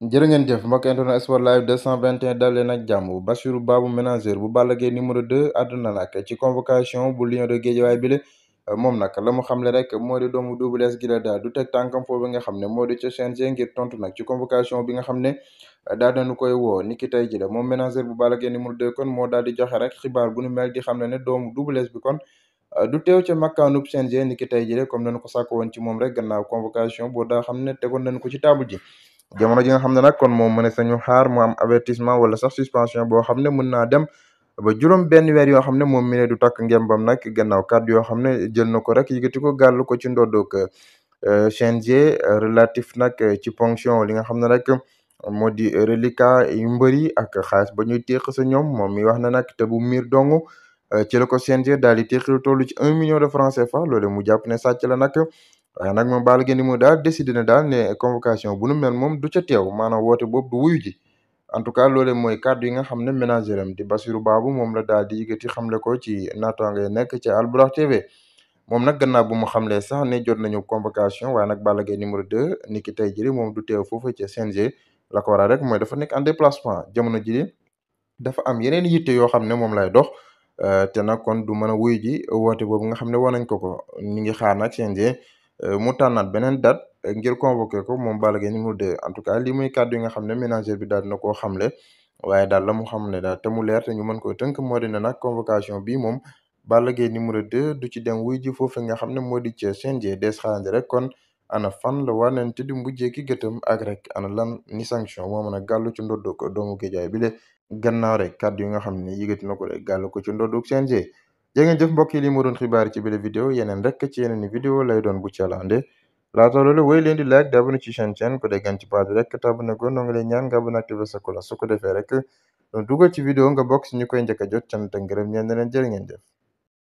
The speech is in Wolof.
jërë ngeen jëf mbokk internet sport live 221 dal leen ak jàmm Bachirou Babou manager bu Balla Gaye numéro 2 àdduna nag ci convocation bu Lion de Guédiawaye bi bile moom nag la mu xamle rek moo di doomu Double Less gi la daal du teg tànkam foofu nga xam ne moo di ca CNG ngir tontu nag ci convocation bi nga xam ne daal nañu koy woo niki tey ji la moom manager bu Balla Gaye numéro kon moo daal di joxe rek xibaar bu nu mel di xam ne ne doomu Double bi kon euh, du teew ca makkaanub CNG niki tey ji la comme ko sàkk woon ci moom rek gannaaw convocation boo daa xam ne tegoon nañu ko ci table ji jamono ji nga xam ne nag kon moom mënees sañu xaar mu am avertissement wala sax suspension boo xam ne mën naa dem ba juróom benn weer yoo xam ne moom mi ne du takk ngembam nag gannaaw kàddu yoo xam ne jël na ko rek yëgati ko gàll ko ci ndoddoog euh, CNG euh, relatif nag ci ponction li nga xam ne rek moo di reliquat yu mbëri ak xaalis ba ñuy téq sa ñoom moom mi wax na nag te bu miir dong euh, ci la ko CNG daal di téqil toll ci un million de francs fa loole mu jàpp ne sàcc la nag waaye nag moom Balla Gaye numéro daal décidé na daal ne convocation bu mel moom du ca teew maanaam woote boobu du wuyu en tout cas loolee mooy kàddu yi nga xam ne ménager am di Bassirou Babou moom la daal di yëkkati xamle ko ci naataango yi nekk ci Albourakh TV moom nag gannaaw bu mu xamlee sax ne jot nañu convocation waaye nag Balla Gaye numéro 2 ni ki tey jii moom du teew foofu ca CNG la ko waral rek mooy dafa nekk en déplacement jamono jii dafa am yeneen yitte yoo xam ne moom lay dox. Euh, te nag kon du mën a wuyu ji woote boobu nga xam ne woon nañ ko ko ñu ngi xaar nag CNG. Euh, mu tànnaat beneen daat euh, ngir convoqué ko moom Balla Gaye numéro 2 en tout cas lii muy kàddu yi nga xam ne ménager bi daal dina koo xamle waaye daal la mu xam ne daal te mu leer te ñu mën koy tënk moo di a nag convocation bi moom Balla Gaye numéro 2 du ci dem wuy ji foofu nga xam ne moo di ca CNG des xaarandi rek kon ana fan la wanante di mujjee ki gëtëm ak rek ana lan ni sanction moo mën a gàllu ci ndoddoog doomu géejaay bi le gannaaw rek yi nga xam ne yëgati na ko rek ko ci ndoddoog CNG jërë ngeen jëf mbokk yi li mu doon xibaar ci bile vidéo yeneen rek ci yeneen i lay doon bu ci àll ande laata loolu wéy leen di like di abonné ci chaîne chaîne ko déggan ci page rek te abonné go ñaan nga abonné activé sa cloche su ko defee rek dugal ci vidéo nga bokk si ñu koy njëkk a jot cant ak ngërëm ñeen na leen ngeen jëf